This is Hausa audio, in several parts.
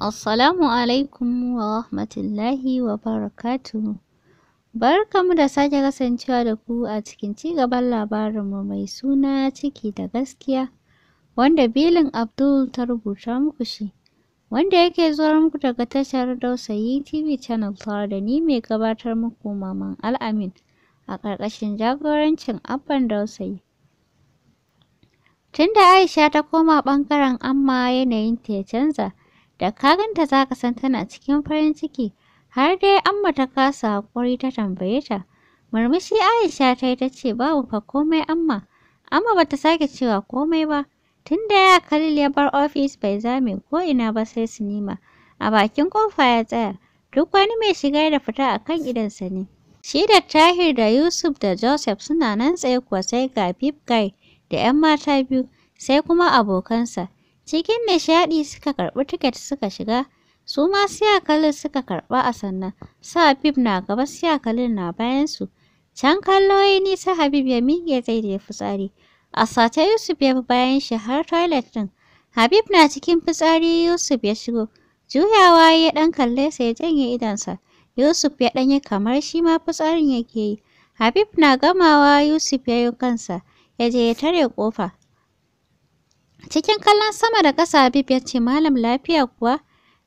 Assalamu alaikum wa rahmatullahi wa barakatuhu. Barkamu da sake kasancewa da ku a cikin cigaban labarinmu mai suna ciki da gaskiya, wanda Bilin Abdul ta rubuta muku shi, wanda yake zuwa muku daga tashar Dausayi TV Channel tare da ni mai gabatar muku Maman Al'amin a ƙarƙashin jagorancin Abban Dausayi. Tunda Aisha ta koma ɓangaren amma yanayin ta ya canza. da ka ganta za ka san tana cikin farin ciki har dai amma ta kasa hakuri ta tambaye ta murmushi aisha ta yi ta ce babu fa komai amma amma bata sake cewa komai ba tun da ya kalil ya bar ofis bai zame ko ina ba sai sinima a bakin kofa ya tsaya duk wani mai shiga da fita a kan idansa ne shi da tahir da yusuf da joseph suna nan tsaye kuwa sai ga bib guy da 'yan mata biyu sai kuma abokansa Cikin nishaɗi suka karɓi tiket suka shiga. Su ma siyakalin suka karɓa a sannan. Sa Habib na gaba siyakalin na bayansu. Can kallo ya nisa Habib ya miƙe zai da ya fitsari. A sace Yusuf ya bi bayan shi har toilet din. Habib na cikin fitsari Yusuf ya shigo. Juyawa ya ɗan kalle sa ya janye idonsa. Yusuf ya yi kamar shi ma fitsarin yake yi. Habib na gamawa Yusuf ya yi kansa, ya je ya tare kofa. Cikin kallon sama da ƙasa Habib ya ce malam lafiya kuwa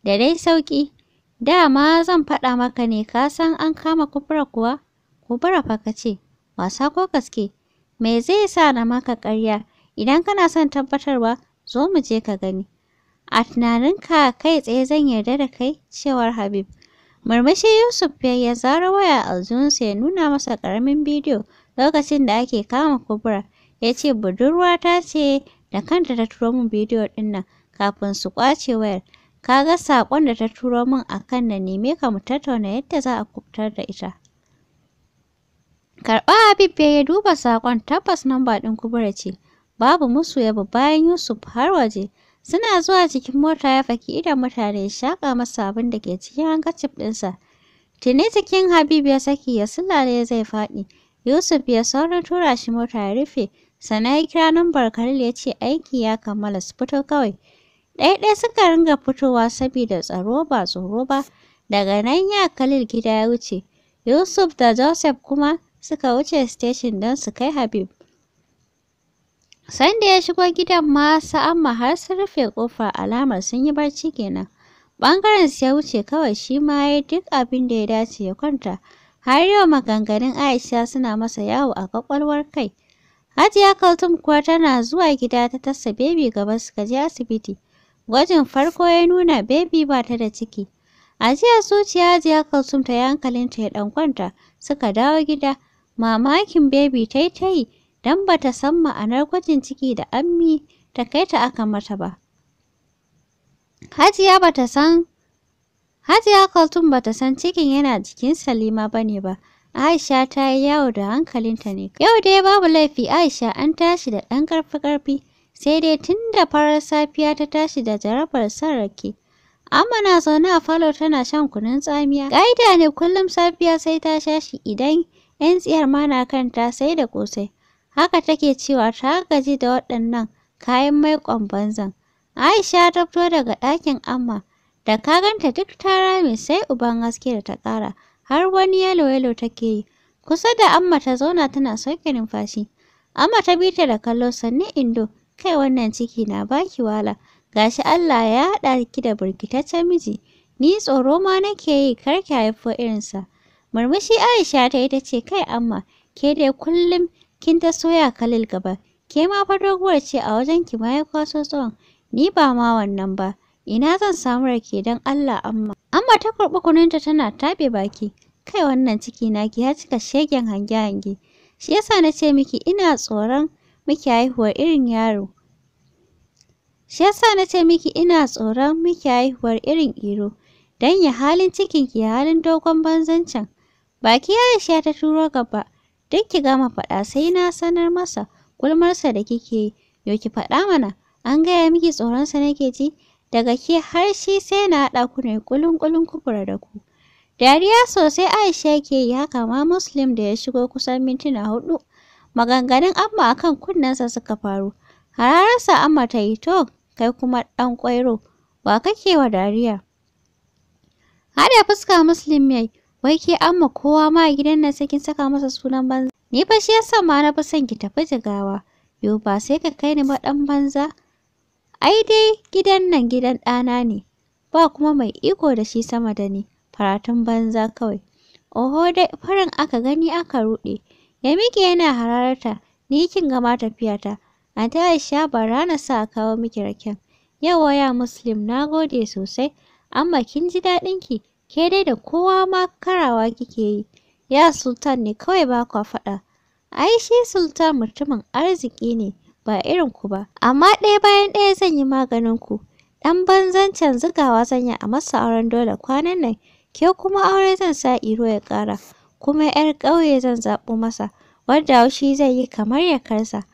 da dai sauƙi. Dama zan faɗa maka ne ka san an kama kubura kuwa? Kubura fa ka ce, wasa ko gaske? Me zai sa na maka ƙarya? Idan kana son tabbatarwa, zo mu je ka gani. A tunaninka kai tsaye zan yarda da kai, cewar Habib. Murmushi Yusuf ya zara waya aljihunsa ya nuna masa karamin bidiyo lokacin da ake kama kubura. Ya ce budurwa ta ce da kanta ta turo min bidiyo ɗin nan kafin su kwace wayar. Ka ga saƙon da ta turo min a kan na me ka mu tattauna yadda za a kubutar da ita. Karɓa Habib ya duba saƙon tabbas namba ɗin kubura ce. Babu musu yabo bayan Yusuf har waje. Suna zuwa cikin mota ya faki idan mutane ya shaƙa masa abin da ke cikin hankacif ɗinsa. Tuni cikin Habib ya saki ya sulale zai faɗi. Yusuf ya saurin tura shi mota ya rufe. Sannan ya kira nambar Khalil ya ce aiki ya kammala su fito kawai. Ɗaya-ɗaya suka ringa fitowa saboda tsaro ba tsoro ba. Daga nan ya Khalil gida ya wuce. Yusuf da Joseph kuma suka wuce station don su kai Habib. Sanda ya shigo gidan ma Amma har su rufe kofa alamar sun yi barci kenan. Bangaren ya wuce kawai shi ma ya duk abin da ya dace ya kwanta. Har yau maganganun Aisha suna masa yawo a kwakwalwar kai. Hajiya Kaltum kuwa tana zuwa gida ta tasa bebi gaba suka je asibiti. Gwajin farko ya nuna bebi ba ta da ciki. A jiya zuciya Hajiya Kaltum ta yi hankalinta ya ɗan kwanta suka dawo gida. Mamakin bebi ta yi ta yi don ba ta san ma'anar gwajin ciki da ammi ta kai ta aka mata ba. Hajiya ba san Hajiya Kaltum ba ta san cikin yana jikin Salima ba ne ba. Aisha ta yi yawo da hankalinta ne. Yau dai babu laifi Aisha an tashi da ɗan ƙarfi-ƙarfi, sai dai tun da farar safiya ta tashi da jarabar son rake. Amma na zaune a falo tana shan kunun tsamiya. Ƙa'ida ne kullum safiya sai ta sha shi idan 'yan tsiyar ma na kanta sai da ƙosai. Haka take cewa ta gaji da waɗannan kayan maiƙon banzan. Aisha ta fito daga ɗakin Amma da ka ganta duk ta rame sai uban haske da ta ƙara. har wani yalo-yalo take yi. Kusa da Amma ta zauna tana sauke numfashi. Amma ta bi ta da kallo sanni indo, kai wannan ciki na baki wala. Gashi Allah ya haɗa ki da birkitaccen miji. Ni tsoro ma nake yi kar ki haifo irinsa. Murmushi Aisha ta yi ta ce kai Amma, ke dai kullum kin ta soya kalil gaba. Ke ma fa doguwar ce a wajen ki ma ya kwaso tsawon. Ni ba ma wannan ba. ina zan samu rake don Allah amma. Amma ta kurɓi kuninta tana taɓe baki, kai wannan ciki na ya cika shegen hange-hange. Shi yasa na ce miki ina tsoron miki haihuwar irin yaro. Shi yasa na ce miki ina tsoron miki haihuwar irin iro, don ya halin cikinki ya halin dogon can. Baki ya yi ta turo gaba, duk ki gama faɗa sai na sanar masa gulmarsa da kike yi, yau ki faɗa mana, an gaya miki tsoronsa nake ji, daga ke har shi sai na haɗa ku ne ƙulun-ƙulun kubura da ku. Dariya sosai Aisha ke yi haka ma Muslim da ya shigo kusan mintuna hudu. Maganganun amma a kan kunnensa suka faru. Hararsa amma ta yi to, kai kuma ɗan ƙwairo, wa kake wa dariya? Haɗa fuska Muslim yai, wai ke amma kowa ma a gidan nan sai saka masa sunan banza. Ni fa shi yasa ma na fi son ki tafi jigawa. Yo ba sai ka kai ni ba ɗan banza. Ai dai gidan nan gidan ɗana ne, ba kuma mai iko da shi sama da ni, faratun banza kawai. Oho dai farin aka gani aka ruɗe, ya miki yana hararta, ni kin gama tafiyata. Anta Aisha bara na sa a kawo miki raken. Yau waya Muslim na gode sosai, amma kin ji daɗin ki. ke dai da kowa ma karawa kike yi. Ya Sultan ne kawai ba kwa faɗa. Ai shi Sultan mutumin arziki ne. ba irin ku ba amma ɗaya bayan ɗaya zan yi maganin ku ɗan banzan can zugawa zan yi a masa auren dole kwanan nan ke kuma aure zan sa iro ya ƙara kuma 'yar ƙauye zan zaɓo masa wanda haushi zai yi kamar ya karsa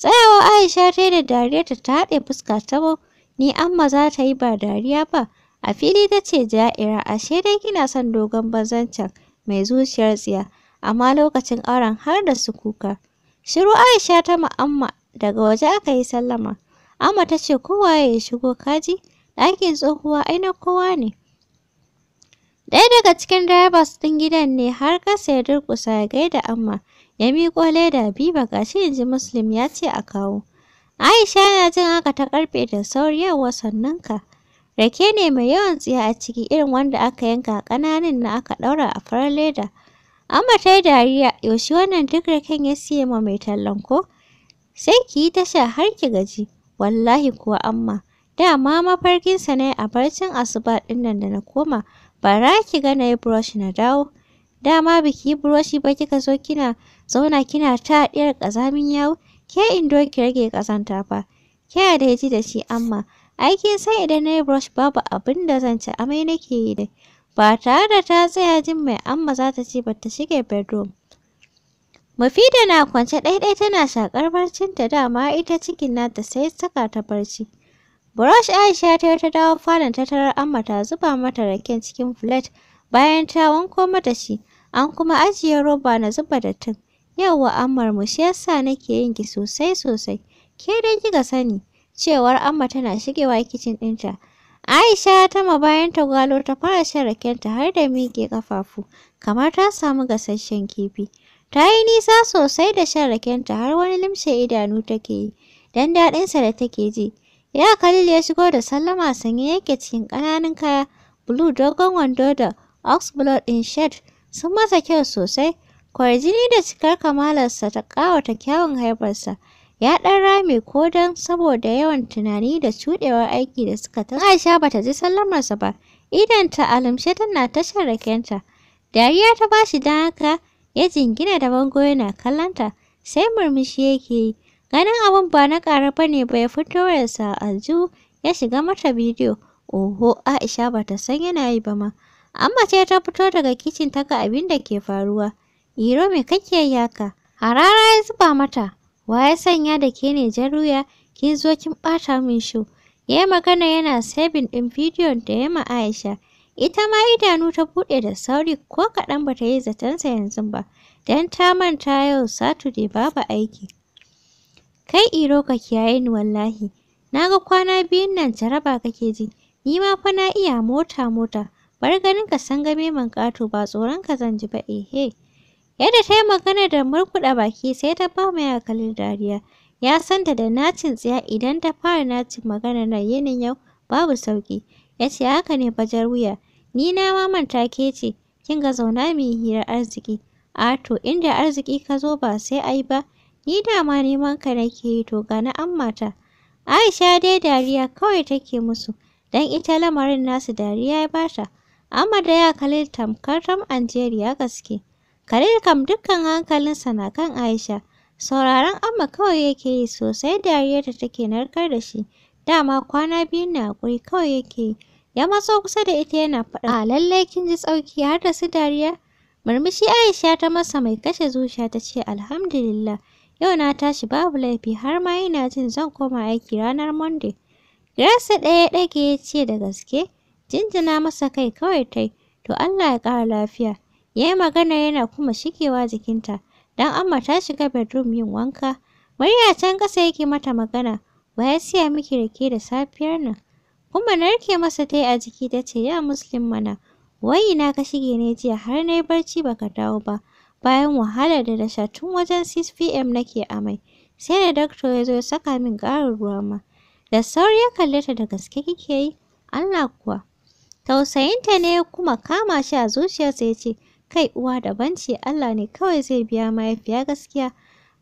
tsayawa aisha ta da dariyarta ta haɗe fuska ta bau ni amma za ta yi ba dariya ba a fili ta ce ja'ira ashe dai kina son dogon banzan can mai zuciyar tsiya amma lokacin auren har da su kuka Shiru Aisha ta ma'amma daga waje aka yi sallama. Amma ta ce kowa ya shigo kaji, ɗakin tsohuwa ai kowa ne. Ɗaya daga cikin drivers ɗin gidan ne har kasa ya durƙusa ya gaida Amma, ya miƙo leda biyu ga shi in ji Muslim ya ce a kawo. Aisha yana jin haka ta ƙarfe da sauri yawa sannan ka. Rake ne mai yawan tsiya a ciki irin wanda aka yanka ƙananan na aka ɗaura a farar leda. Amma ta yi dariya, yaushe wannan duk raken ya siye ma mai tallan ko? sai ki yi ta har ki gaji wallahi kuwa amma dama mafarkinsa ne a barcin asuba ɗin da na koma bara ki ga na yi brush na dawo dama biki yi buroshi ba kika zo kina zauna kina ta ɗiyar ƙazamin yawo ke indo ki rage ƙazanta fa ke ya yaji da shi amma ai sai idan na yi brush babu abin da zan ci amai nake yi dai ba tare da ta tsaya jin mai amma za ta ce ba ta shige bedroom Mufida na kwance ɗaiɗai tana shakar barcinta dama ita cikin nata sai saka ta barci. Burosh Aisha ta ta dawo falon ta tarar amma ta zuba mata raken cikin filet bayan ta wanko mata shi an kuma ajiye roba na zuba dattin. Yawwa ammar mu shi yasa nake yin ki sosai sosai. Ke dan kika sani cewar amma tana shigewa kicin ɗinta. Aisha ta ma bayan ta gwalo ta fara shan rakenta har da miƙe ƙafafu kamar ta samu gasasshen kifi. Ta yi nisa sosai da shan rakenta har wani limshe idanu take yi, don daɗinsa da take ji. Ya kalil ya shigo da sallama sanye yake cikin ƙananan kaya, blue dogon wando da oxblood in shed sun masa kyau sosai. Kwarjini da cikar kamalarsa ta ƙawata kyawun haibarsa. Ya ɗan rame ko don saboda yawan tunani da cuɗewar aiki da suka ta Aisha ba ta ji sallamarsa ba, idonta ta limshe tana ta rakenta. Dariya ta bashi don haka ya jingina da bango yana kallanta. sai murmushi yake yi ganin abin ba na ƙara ba ne bai fito sa aljihu ya shiga mata bidiyo oho aisha ba ta san yana yi ba ma amma ce ta fito daga kicin ta ga abin da ke faruwa iro me kake yaka harara ya zuba mata wa ya sanya da ke ne jaruya kin zo kin ɓata min shu ya yi magana yana sabin ɗin bidiyon da ya ma aisha Ita ma idanu ta buɗe da sauri ko kaɗan ba ta yi sa yanzu ba, don ta manta yau Saturday babu aiki. Kai Iro ka kiyaye ni wallahi, na ga kwana biyun nan jaraba kake ji, ni ma fa na iya mota-mota, bar ganin ka san game man ƙato ba tsoron ka zan ji ba ehe. Yadda ta yi magana da murkuɗa baki sai ta ba mai hakalin dariya, ya san da da nacin tsiya idan ta fara nacin magana na yinin yau babu sauƙi. ya ce haka ne bajar wuya ni na ma manta ke ce kin ga zauna mu yi hirar arziki a to inda arziki ka zo ba sai ai ba ni dama neman ka nake yi to ga na ammata Aisha dai dariya kawai take musu dan ita lamarin nasu dariya ya bata amma da ya Khalil tamkar tam Anjeriya gaske kalil kam dukkan hankalinsa na kan Aisha sauraron amma kawai yake yi sosai dariyar ta take narkar da shi dama kwana biyun na hakuri kawai yake yi ya matso kusa da ita yana faɗa a lallai kin ji tsauki har da su dariya murmushi Aisha ta masa mai kashe zuciya ta ce alhamdulillah yau na tashi babu laifi har ma ina jin zan koma aiki ranar monday Grace ɗaya ɗage ya ce da gaske jinjina masa kai kawai tai to Allah ya ƙara lafiya ya yi magana yana kuma shigewa jikinta don amma ta shiga bedroom yin wanka murya can ƙasa yake mata magana wa ya siya miki rake da safiyar nan Kuma na narke masa ta a jiki ta ce ya muslim mana wai ina ka shige ne jiya har na yi barci ba ka dawo ba bayan wahalar da na tun wajen 6 pm nake amai sai da doctor ya zo ya saka min ƙarin ruwa ma da sauri ya kalle ta da gaske kike yi Allah kuwa tausayinta ne kuma kama shi a zuciyarsa ya ce kai uwa daban ce Allah ne kawai zai biya mahaifiya gaskiya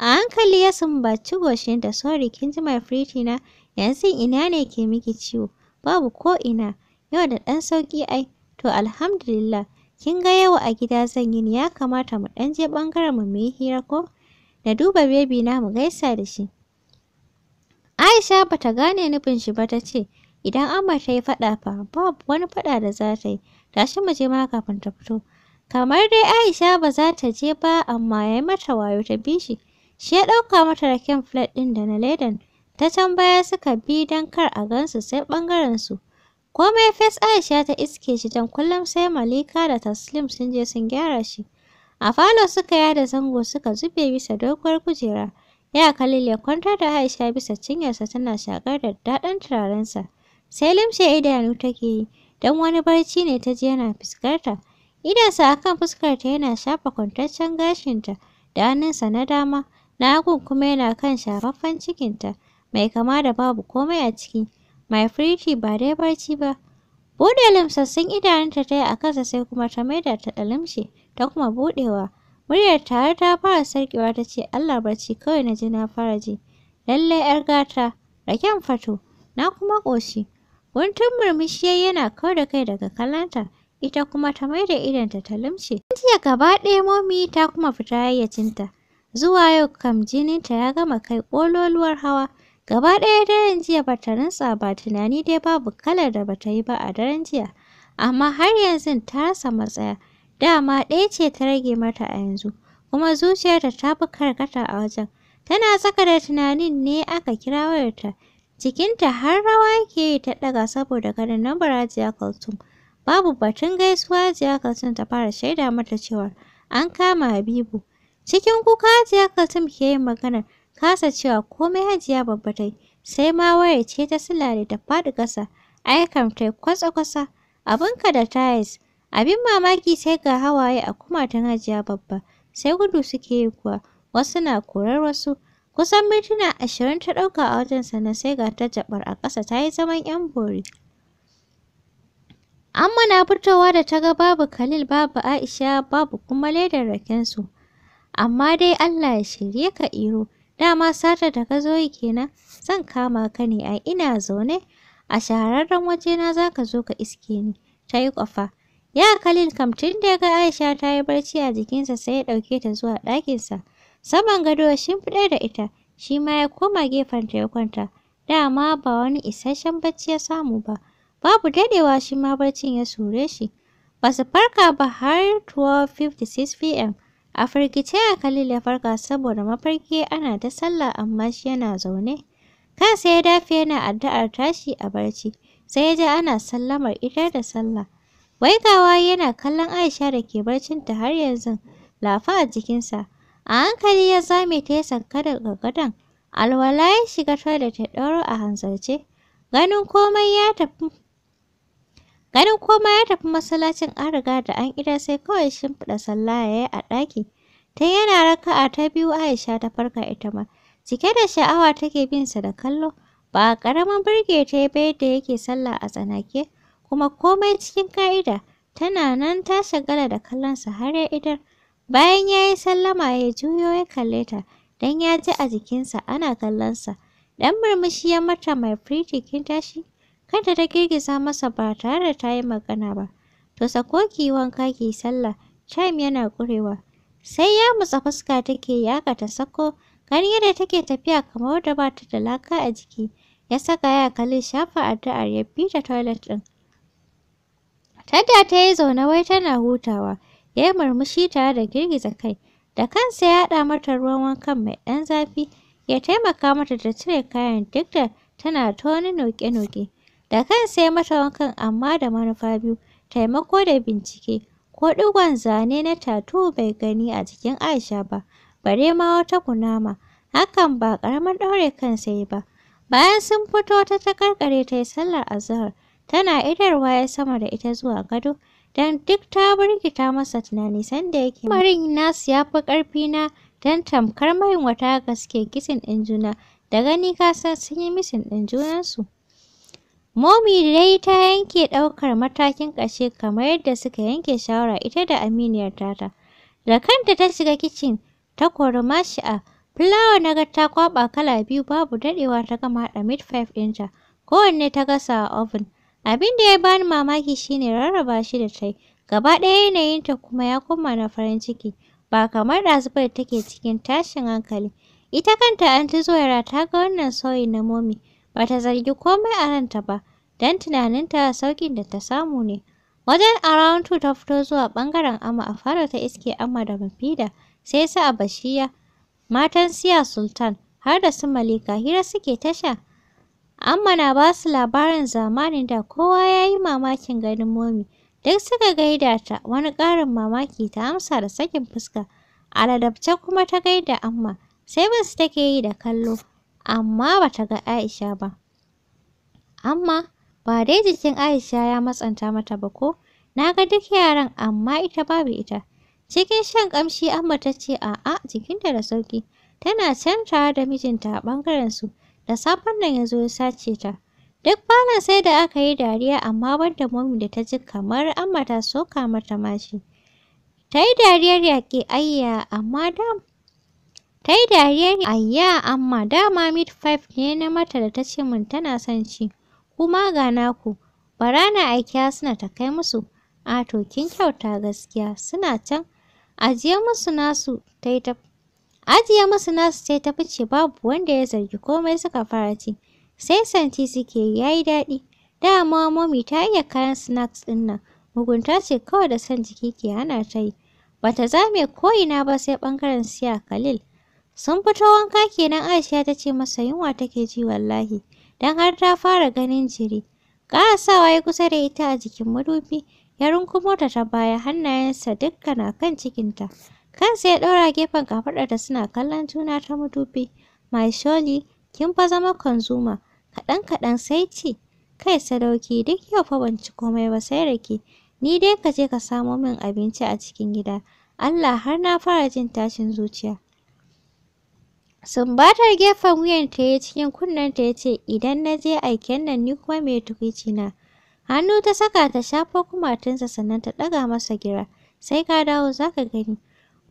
A hankali ya sumbaci goshinta, sorry kin ji my pretty yanzu ina ne ke miki ciwo? Babu ko ina, yau da ɗan sauki ai, to alhamdulillah. Kin ga yawa a gida zan yi ya kamata mu ɗan je ɓangaren mu yi hira ko? Na duba baby na mu gaisa da shi. Aisha bata gane nufin shi ba ta ce, idan Amma ta yi faɗa fa, babu wani faɗa da za ta yi, tashi mu je ma kafin ta fito. Kamar dai Aisha ba za ta je ba amma yayi mata wayo ta bi shi. Shi ya ɗauka mata raken flat ɗin da na ledan. Ta can baya suka bi don kar a gansu sai ɓangarensu. Komai fes Aisha ta iske shi don kullum sai Malika da Taslim sun je sun gyara shi. A falo suka yada zango suka zube bisa doguwar kujera. Ya Khalil ya kwantar da Aisha bisa cinyarsa tana shakar da daɗin turarensa. Sai limshe idanu take yi, don wani barci ne ta ji yana fuskarta. Idansa a kan fuskarta yana shafa kwantaccen gashinta da hannunsa na dama. na kuma yana kan shafaffen cikinta mai kama da babu komai a ciki. mai pretty ba dai barci ba. Buɗe limsassun idanunta ta yi a kasa sai kuma ta maida ta ɗalimshe ta kuma buɗewa. Muryar tare ta fara sarƙewa ta ce Allah barci kawai na ji na fara ji. Lallai 'yar gata, raken fato, na kuma ƙoshi. Guntun murmushi yana kau da kai daga kallonta, ita kuma ta maida idonta ta limshe. Jiya gaba ɗaya momi ta kuma fita hayyacinta. Zuwa yau kam jininta ya gama kai ƙololuwar hawa. Gaba ɗaya daren jiya ba ta rintsa ba tunani dai babu kalar da ba ta yi ba a daren jiya. Amma har yanzu ta rasa matsaya. Dama ɗaya ce ta rage mata a yanzu. Kuma zuciyarta ta fi karkata a wajen. Tana saka da tunanin ne aka kira wayarta. Jikinta har rawa yake yi ta ɗaga saboda ganin lambar ajiya Kaltum. Babu batun gaisuwa ajiya Kaltum ta fara shaida mata cewa an kama Habibu. Cikin kuka Hajiya Kaltum ke yin maganar, kasa cewa komai Hajiya babba ta yi, sai ma wayar ce ta silare da faɗi ƙasa, ai kam ta yi kwatsa-kwatsa, ka da tayis. Abin mamaki sai ga hawaye a ta Hajiya babba, sai gudu suke yi kuwa, wasu na korar wasu. Kusan mintuna ashirin ta ɗauka a wajen sannan sai ga ta jabar a ƙasa ta yi zaman 'yan bori. Amma na fitowa da ta ga babu Khalil babu Aisha babu kuma ledar rakensu. Amma dai Allah ya shirye ka Iro, dama sata da ka zo yi kenan, zan kama ka ne ai ina zaune, a shahararren wajena za ka zo ka iske ni, ta yi ƙwafa. Ya kalin kam tun da ga Aisha ta yi barci a jikinsa sai ya ɗauke ta zuwa ɗakinsa. Saman gado ya shimfiɗar da ita, shi ma ya koma gefenta ya kwanta. Dama ba wani isasshen bacci ya samu ba, babu daɗewa shi ma barcin ya sure shi. Ba su farka ba har 12:56 pm. A firgice a Khalil ya farka saboda mafarki ana ta sallah amma shi yana zaune. Kansa ya dafe yana addu'ar tashi a barci, sai ya ji ana sallamar ita da sallah. Waikawa yana kallon Aisha da ke barcinta har yanzu, lafa a jikinsa. A hankali ya zame ta ya sanka da gadon. Alwala ya shiga toilet ya ɗauro a hanzarce. Ganin komai ya tafi Ganin koma ya tafi masallacin an riga da an ida sai kawai shimfiɗa sallah ya yi a ɗaki. Ta yana raka'a ta biyu Aisha ta farka ita ma. Cike da sha'awa take bin sa da kallo. Ba ƙaramin burge ta bai da yake sallah a tsanake. Kuma komai cikin ka'ida. Tana nan ta shagala da kallonsa har ya idar. Bayan ya yi sallama ya juyo ya kalle ta. Dan ya ji a jikinsa ana kallonsa. Dan murmushi ya mata mai kin tashi. Kanta ta girgiza masa ba tare da ta yi magana ba. To sako ki wanka ki sallah. Chime yana ƙurewa. Sai ya mutsa fuska take yaka ta sako. Gani yadda take tafiya kamar wadda ba ta da laka a jiki. Ya saka ya kalli shafa addu'ar ya bi ta toilet ɗin. Tadda ta yi zaune wai tana hutawa. Ya yi murmushi tare da girgiza kai. Da kansa ya haɗa mata ruwan wankan mai ɗan zafi. ya taimaka mata ta cire kayan duk da tana ta wani noke-noke. Da kan sai mata wankan amma da manufa biyu, taimako da bincike. Ko ɗigon zane na tatu bai gani a jikin Aisha ba, bare ma wata kunama. Hakan ba karamar daure kan sai ba. Bayan sun fito ta ta karkare ta yi sallar azhar tana idarwa ya sama da ita zuwa gado. Dan duk ta birkita masa tunani sanda yake marin nasu ya fi karfi na dan tamkar mai wata gaske kisin injuna da gani ka san sun yi misin ɗin junansu Momi dai ta yanke ɗaukar matakin ƙashe kamar yadda suka yanke shawara ita da aminiyar tata. Da kanta ta shiga kicin ta kori a. Fulawa na ga ta kwaɓa kala biyu babu daɗewa ta gama haɗa meat 5 ɗinta. Kowanne ta gasa a oven. Abin da ya bani mamaki shi ne rarraba shi da ta Gaba ɗaya yanayinta kuma ya koma na farin ciki. Ba kamar ɗazu ba da take cikin tashin hankali. Ita kanta Aunty Zuwaira ta ga wannan sauyin na Momi. ba ta zargi komai a ranta ba don tunaninta saukin da ta samu ne. Wajen around two ta fito zuwa ɓangaren Amma a fara ta iske Amma da Mafida sai su bashiya matan Siya Sultan har da su Malika hira suke tasha. Amma na ba su labarin zamanin da kowa ya yi mamakin ganin momi. Duk suka gaida ta wani ƙarin mamaki ta amsa da sakin fuska. A ladabce kuma ta gaida Amma sai ba su take yi da kallo. amma ba ta ga Aisha ba. Amma ba dai jikin Aisha ya matsanta mata ba ko? Na ga duk yaran amma ita babu ita. Cikin shan ƙamshi Amma ta ce a'a jikinta da sauƙi. Tana can da mijinta a ɓangarensu. Da safen nan ya zo ya sace ta. Duk falon sai da aka yi dariya amma wanda momi da ta ji kamar Amma ta soka mata mashi. Ta yi dariyar yaƙi ayya amma dam Ta yi dariyar ayya amma dama mid five ne na mata da ta ce min tana son ci. Kuma ga naku, bara na aiki suna ta kai musu. A to kyauta gaskiya suna can. Ajiye musu nasu ta yi ta Ajiye musu nasu sai ta fice babu wanda ya zargi komai suka fara ci. Sai santi suke ya yi daɗi. Dama momi ta iya kayan snacks ɗin nan. Mugunta ce kawai da son jiki ke hana ta yi. Bata zame ko ina ba sai ɓangaren siya Khalil. Sun fito wanka kenan Aisha ta ce masa yunwa take ji wallahi, don har ta fara ganin jiri. sawa ya kusa da ita a jikin madubi, ya runkumo ta ta baya hannayensa dukkan a kan cikinta. Kansa ya ɗaura gefen da suna kallon juna ta madubi. Mai sholi, kin fa zama kwanzuma. kaɗan-kaɗan sai ci. kai sadauki duk yau fa ban ci komai ba sai rake, ni dai ka je ka samo min abinci a cikin gida. Allah har na fara jin tashin zuciya. Sumbatar gefen wuyanta ya cikin kunnenta ya ce, Idan na je aiken nan ni kuma mai tukwici na. Hannu ta saka ta shafa kumatunsa sannan ta ɗaga masa gira. Sai ka dawo za ka gani.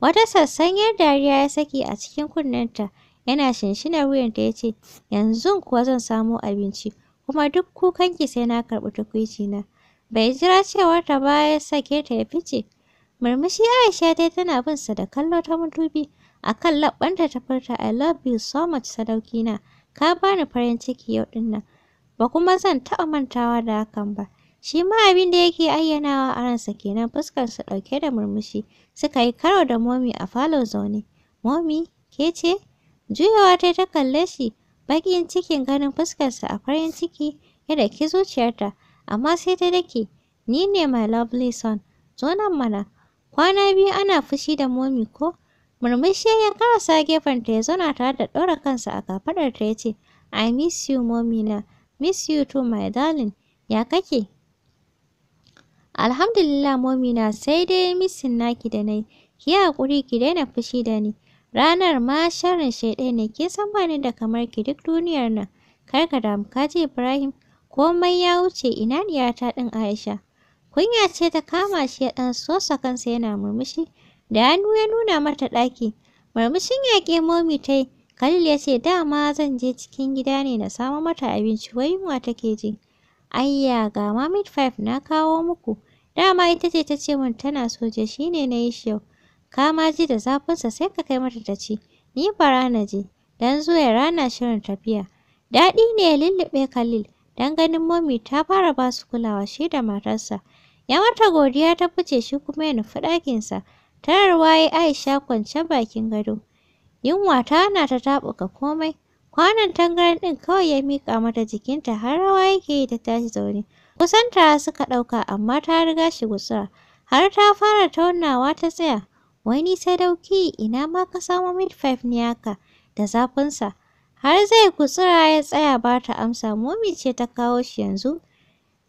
Wata sassanyar dariya ya saki a cikin kunnenta. Yana shinshinar wuyanta ya ce, Yanzu kuwa zan samo abinci, kuma duk kukanki sai na karɓi tukwici na. Bai jira ta ba ya sake ta ya fice. Murmushi Aisha dai tana bin sa da kallo ta mutubi. Akan kan labbanta ta furta I love you so much sadauki Ka bani farin ciki yau din nan. Ba kuma zan taɓa mantawa da hakan ba. Shi ma abin da yake ayyanawa a ransa kenan fuskar su ɗauke da murmushi. Suka yi karo da momi a falo zaune. Momi, ke ce? Juyawa ta ta kalle shi. bakin cikin ganin fuskarsa a farin ciki ya daki zuciyarta. Amma sai ta dake. Ni ne my lovely son. Zo nan mana. Kwana biyu ana fushi da momi ko? Murmushi ya karasa ta ya zauna tare da ɗora kansa a kafaɗarta ya ce, I miss you, mommy na. Miss you too, my darling. Ya kake? Alhamdulillah, mommy na sai dai missin naki da nai. Ki hakuri, ki daina fushi da ni. Ranar ma sharin shaiɗai ne, ke san ba da kamar ki duk duniyar nan. Kar ka damu, ka ce Ibrahim. Komai ya wuce ina ta ɗin Aisha. Kunya ce ta kama shi ya ɗan sosa kansa yana murmushi. da hannu ya nuna mata ɗaki. Murmushin yaƙe momi ta yi, Khalil ya ce dama zan je cikin gida ne na samo mata abinci wai yunwa take ji. Ayya ga mamit 5 na kawo muku. Dama ita ce ta ce min tana soja shi ne na yi shi yau. Ka ma ji da zafinsa sai ka kai mata ta ci. Ni bara na je, don zuwa rana shirin tafiya. Daɗi ne ya lulluɓe Khalil, don ganin momi ta fara ba su kulawa shi da matarsa. Ya mata godiya ta fice shi kuma ya nufi ɗakinsa. Tararwa ya Aisha kwance bakin gado. Yunwa ta na ta taɓuka komai. Kwanon tangaran ɗin kawai ya mika mata jikinta har rawa yake yi ta tashi zaune. Kusan ta suka ɗauka amma ta riga shi gutsura. Har ta fara taunawa ta tsaya. Wani sadauki ina ma ka samo five ne haka da sa. Har zai gutsura ya tsaya ba ta amsa momi ce ta kawo shi yanzu.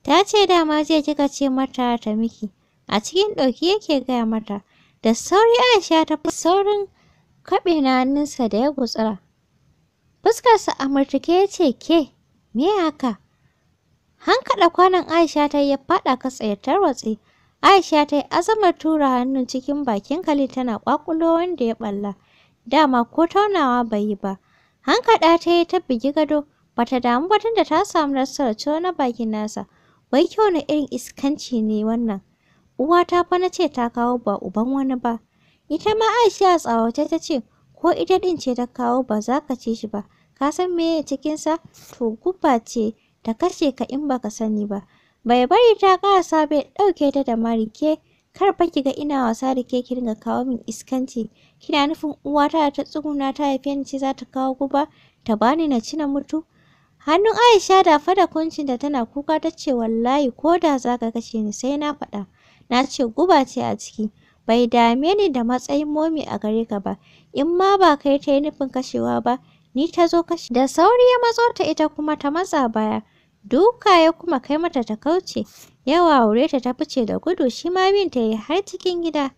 Ta ce dama jiya kika ce mata ta miki. A cikin ɗauki yake gaya mata. Da sauri Aisha ta fi saurin kaɓe na hannunsa da ya gutsura. Fuskarsa a murtuke ya ce, Ke, me haka? Hankaɗa kwanan Aisha ta ya faɗa ka ya watsi. Aisha ta yi azamar tura hannun cikin bakin kali tana ƙwaƙulo wanda ya ɓalla. Dama ko taunawa bai yi ba. Hankaɗa ta yi ta bugi gado, bata damu ba tunda ta samu nasarar na bakin nasa. Wai kyau na irin iskanci ne wannan. uwata fa na ce ta kawo ba uban wani ba. Ita ma Aisha tsawace ta ce, ko ita ɗin ce ta kawo ba za ka ci shi ba, ka san meye cikinsa? To guba ce ta kashe ka in baka sani ba. Bai bari ta ƙarasa bai ɗauke ta da marike, kar fa ki ga ina wasa da ke ki dinga kawo min iskanci. Kina nufin uwata da ta tsuguna ta haife ni ce za ta kawo guba, ta bani na ci na mutu? Hannun Aisha da fada kuncin da tana kuka ta ce wallahi ko da za ka kashe ni sai na faɗa. na ce guba ce a ciki. Bai dame ni da matsayin momi a gare ka ba, in ma ba kai ta yi nufin kashewa ba, ni ta zo kashe. Da sauri ya matso ta ita kuma ta matsa baya, duka ya kuma kai mata ta kauce, Yawa, aure ta tafi fice da gudu shi ma bin ta yi har cikin gida.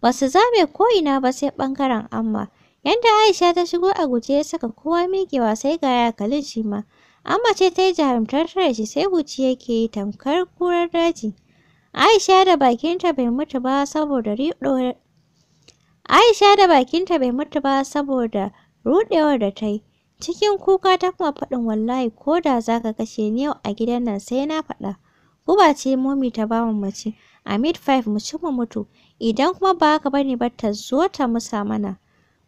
Ba su zame ina ba sai bangaren amma. Yanda Aisha ta shigo a guje ya saka kowa miƙewa sai ga kalin shi ma. Amma ce ta yi jarumtar tare shi sai huci yake tamkar kurar daji. Aisha da bakinta bai mutu ba saboda riɗo Aisha da bakinta bai mutu ba saboda ruɗewar da ta yi. Cikin kuka ta kuma faɗin wallahi ko da za ka kashe ni yau a gidan nan sai na faɗa. Guba ce momi ta mu mace a mid five mu ci mu mutu idan kuma ba ka bane ba ta zo ta musa mana.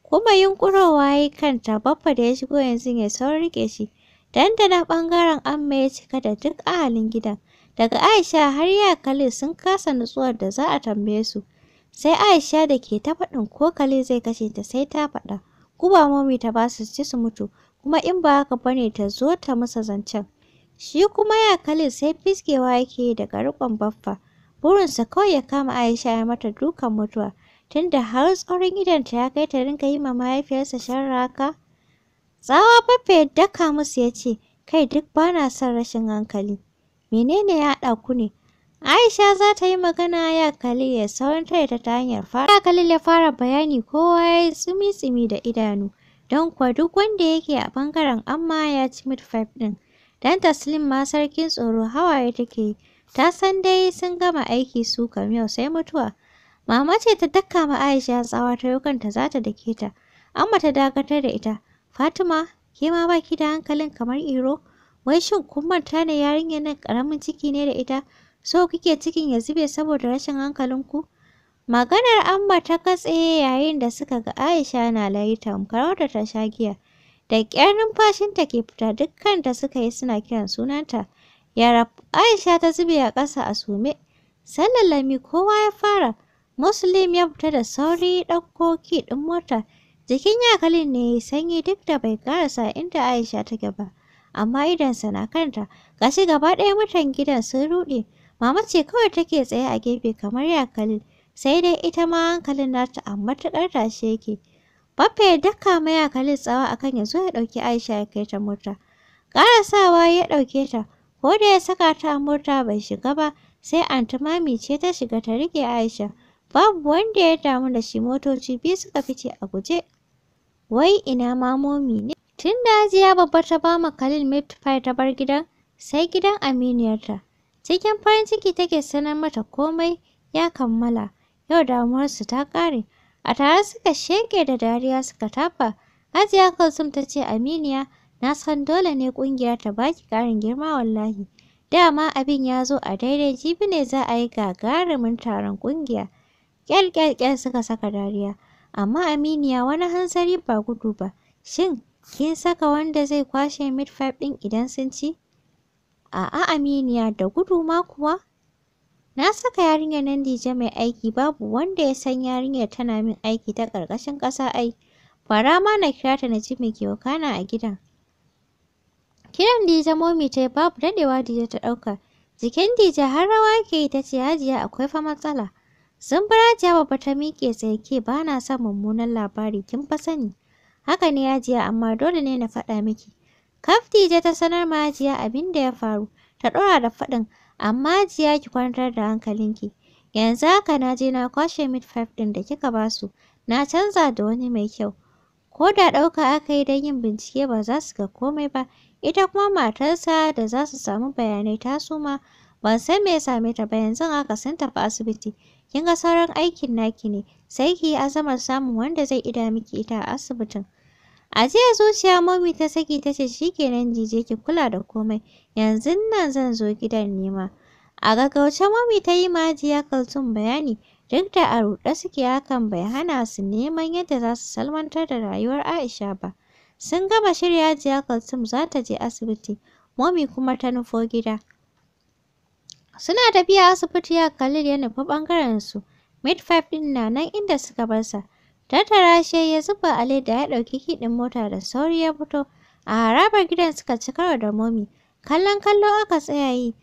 Kuma yunƙurowa ya yi kanta babba da ya shigo yanzu ya saurin rike shi. Dandana ɓangaren amma ya cika da duk ahalin gidan. Daga Aisha har ya kale sun kasa nutsuwar da za a tambaye su. Sai Aisha da ke ta faɗin ko kale zai kashe ta sai ta faɗa. Guba momi ta ba su ci su mutu, kuma in ba haka bane ta zo ta masa zancen. Shi kuma ya kale sai fiskewa yake daga riƙon baffa. Burinsa kawai ya kama Aisha ya mata dukan mutuwa, tunda har tsoron idonta ya kai ta rinka yi ma mahaifiyarsa sharraka. Tsawa baffa ya daka musu ya ce, kai duk bana son rashin hankali. menene ya haɗa ku ne Aisha za ta yi magana ya kalli ya saurantar ta ta hanyar fara kali ya fara bayani kowa ya yi tsumi-tsumi da idanu don kuwa duk wanda yake a bangaren amma ya ci mid five ɗin dan taslim ma sarkin tsoro hawaye take yi ta san dai sun gama aiki su kam yau sai mutuwa mama ce ta daka ma Aisha tsawa ta ta za ta dake ta amma ta dakatar da ita Fatima ke ma baki da hankalin kamar iro wai shin kun manta ne yarinyar nan karamin ciki ne da ita so kuke cikin ya zube saboda rashin hankalinku maganar amma ta katse yayin da suka ga aisha na layi tamkar da ta sha giya da ƙyar numfashinta ke fita dukkan da suka yi suna kiran sunanta yara aisha ta zube a ƙasa a sume sallallami kowa ya fara muslim ya fita da sauri ɗauko ki ɗin mota jikin yakalin ne sanyi duk da bai karasa inda aisha take ba amma idonsa na kanta gashi gaba ɗaya mutan gidan sun ruɗe mama ce kawai take tsaye a gefe kamar ya kalil sai dai ita ma hankalin nata a matuƙar tashi yake Baffa ya daka ma ya kalil tsawa akan ya zo ya ɗauki Aisha ya kai ta mota ƙarasawa ya ɗauke ta ko da ya saka ta a mota bai shiga ba sai anti mami ce ta shiga ta rike Aisha babu wanda ya damu da shi motoci biyu suka fice a guje wai ina mamomi ne Tun da Aziya babba ta ba ma Khalil meat ta bar gidan, sai gidan aminiyarta. Cikin farin ciki take sanar mata komai ya kammala, yau damuwarsu ta ƙare. A tare suka sheƙe da dariya suka tafa. Aziya Kalsum ta ce Aminiya, na san dole ne ƙungiyar ta baki ƙarin girma wallahi. Dama abin ya zo a daidai jibi ne za a yi gagarumin taron ƙungiya. Ƙyalƙyalƙyal suka saka dariya. Amma Aminiya wani hanzari ba gudu ba. Shin Kin saka wanda zai kwashe meat din ɗin idan sun ci? A'a Aminiya da gudu ma kuwa? Na saka yarinyar nan Dije mai aiki babu wanda ya san yarinyar tana min aiki ta ƙarƙashin ƙasa ai. Fara ma na kira ta na ji mai ke kana a gidan. Kiran Dije momi ta babu daɗewa Dije ta ɗauka. Jikin Dije har rawa ke yi ta ce Hajiya akwai fa matsala. Zumbura Hajiya babba ta miƙe tsaye ke ba na son mummunan labari kin fa sani. Haka ne Hajiya amma dole ne na faɗa miki. Kaftija ta sanar ma Hajiya abin da ya faru, ta ɗora da faɗin, amma Hajiya ki kwantar da hankalinki. Yanzu haka na je na kwashe mid five ɗin da kika basu. na canza da wani mai kyau. Ko da ɗauka aka yi don yin bincike ba za su ga komai ba, ita kuma matarsa da za su samu bayanai ta suma. Ban san me ya same ta ba yanzu haka sun tafi asibiti. Kin ga sauran aikin naki ne, sai ki yi azamar samun wanda zai ida miki ita a asibitin. A jiya zuciya Mami ta saki ta ce shi nan jije ki kula da komai, yanzu nan zan zo gidan nema. A gaggauce Mami ta yi ma Hajiya kaltun bayani, duk da a ruɗe suke hakan bai hana su neman yadda za su salmantar da rayuwar Aisha ba. Sun gama shirya Hajiya kaltun za ta je asibiti, Mami kuma ta nufo gida. Suna tafiya asibiti ya da ya nufi ɓangaren su. Midfife ɗin na nan inda suka barsa. Tattara shi ya zuba a leda ya ɗauki kiɗin mota da sauri ya fito. A harabar gidan suka ci karo da momi. Kallon kallo aka tsaya yi.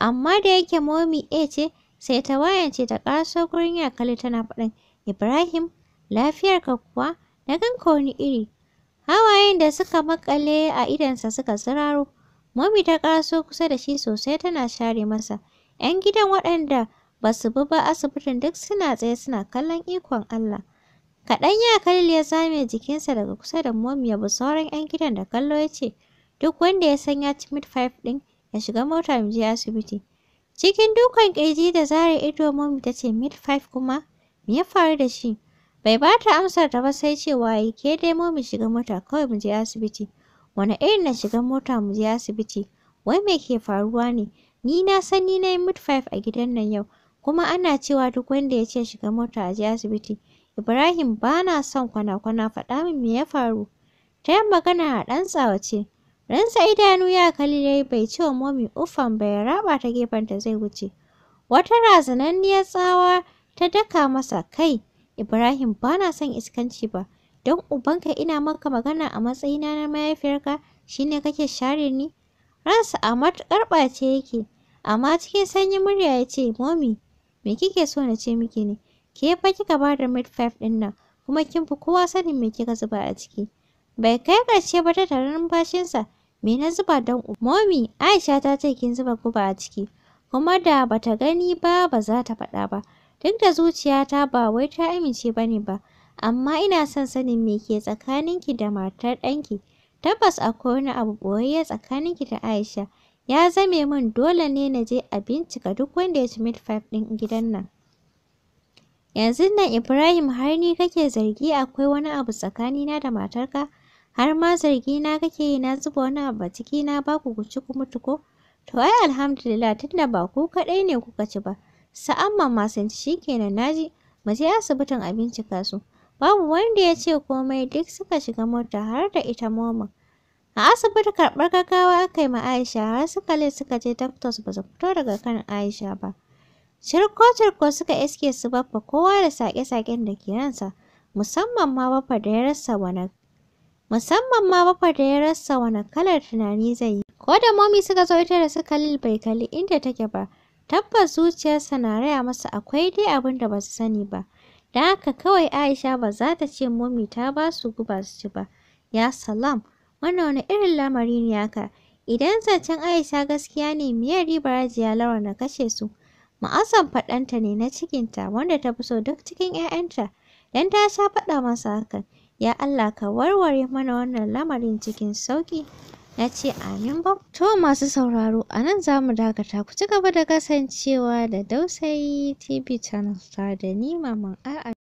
Amma da yake momi A ce sai ta wayance ta ƙaraso gurin kalli tana faɗin Ibrahim lafiyarka kuwa na ganka wani iri. Hawayen da suka makale a idonsa suka tsiraro. Momi ta ƙaraso kusa da shi sosai tana share masa. 'Yan gidan waɗanda ba su bi ba asibitin duk suna tsaye suna kallon ikon Allah. Kaɗan ya kalli ya zame jikinsa daga kusa da Momi ya bi sauran 'yan gidan da kallo ya ce, duk wanda ya san ya ci mid five ɗin ya shiga mota mu je asibiti. Cikin dukan ƙirji da zare ido Momi ta ce mid five kuma me ya faru da shi? Bai ba ta amsar ta ba sai cewa waye ke dai mu shiga mota kawai mu je asibiti. wani irin na shiga mota mu je asibiti? Wai me ke faruwa ne? Ni na san na yi mid five a gidan nan yau kuma ana cewa duk wanda ya ce shiga mota a je asibiti. Ibrahim ba na son kwana-kwana faɗa min me ya faru. Ta yin magana a ɗan tsawace. Ransa idanu ya kalli yayi bai ce wa momi ufan ba ya raba ta gefenta zai wuce. Wata razananniyar tsawa ta daka masa kai. Ibrahim ba na son iskanci ba. Don ubanka ina maka magana a matsayina na mahaifiyarka shine kake share ni? Ransa a matuƙar ɓace yake. Amma cikin sanyin murya ya ce, Momi, me kike so na ce miki ne? Ke fa kika ba da mid five din nan, kuma kin fi kowa sanin me kika zuba a ciki. Bai kai ƙarshe ba ta tare bashinsa me na zuba don u? Aisha ta ce kin zuba guba a ciki, kuma da bata gani ba ba za ta faɗa ba. Duk da zuciyata ba wai ta amince ba ne ba, amma ina son sanin me ke ki da matar ɗanki. Tabbas akwai wani abu tsakanin tsakaninki da Aisha. Ya zame min dole ne na je a bincika duk wanda ya ci mid five ɗin gidan nan. yanzu nan Ibrahim har ni kake zargi akwai wani abu tsakanina da matarka har ma zargi na kake yi na zuba wani abu a ciki na ba ku guci ku mutu ko to ai alhamdulillah tunda ba ku kaɗai ne kuka ci ba sa'an ma sun ci shikenan naji mu je asibitin a bincika su babu wanda ya ce komai duk suka shiga mota har da ita momin a asibiti karɓar gaggawa aka yi ma aisha har suka le suka je doctors ba su fito daga kan aisha ba Cirko-cirko suka iske su bafa kowa da saƙe-saƙen da ke ransa, musamman ma baffa da ya rasa wani musamman ma baffa da ya rasa wani kalar tunani zai yi. Ko da momi suka zo ita da suka lil bai kalli inda take ba, tabbas zuciyarsa na raya masa akwai dai abin da ba su sani ba. Da haka kawai Aisha ba za ta ce momi ta ba su guba su ci ba. Ya salam, wannan wani irin lamari ne haka? Idan zancen Aisha gaskiya ne, miyar riba ya lawan na kashe su. Ma'asan faɗanta ne na cikinta wanda ta fi so duk cikin 'ya'yanta don ta sha faɗa masa hakan. Ya Allah ka warware mana wannan lamarin cikin sauƙi. Na ce amin ba. To masu sauraro a nan za mu dakata ku ci gaba da kasancewa da Dausayi TV channel ta da ni Maman A'a.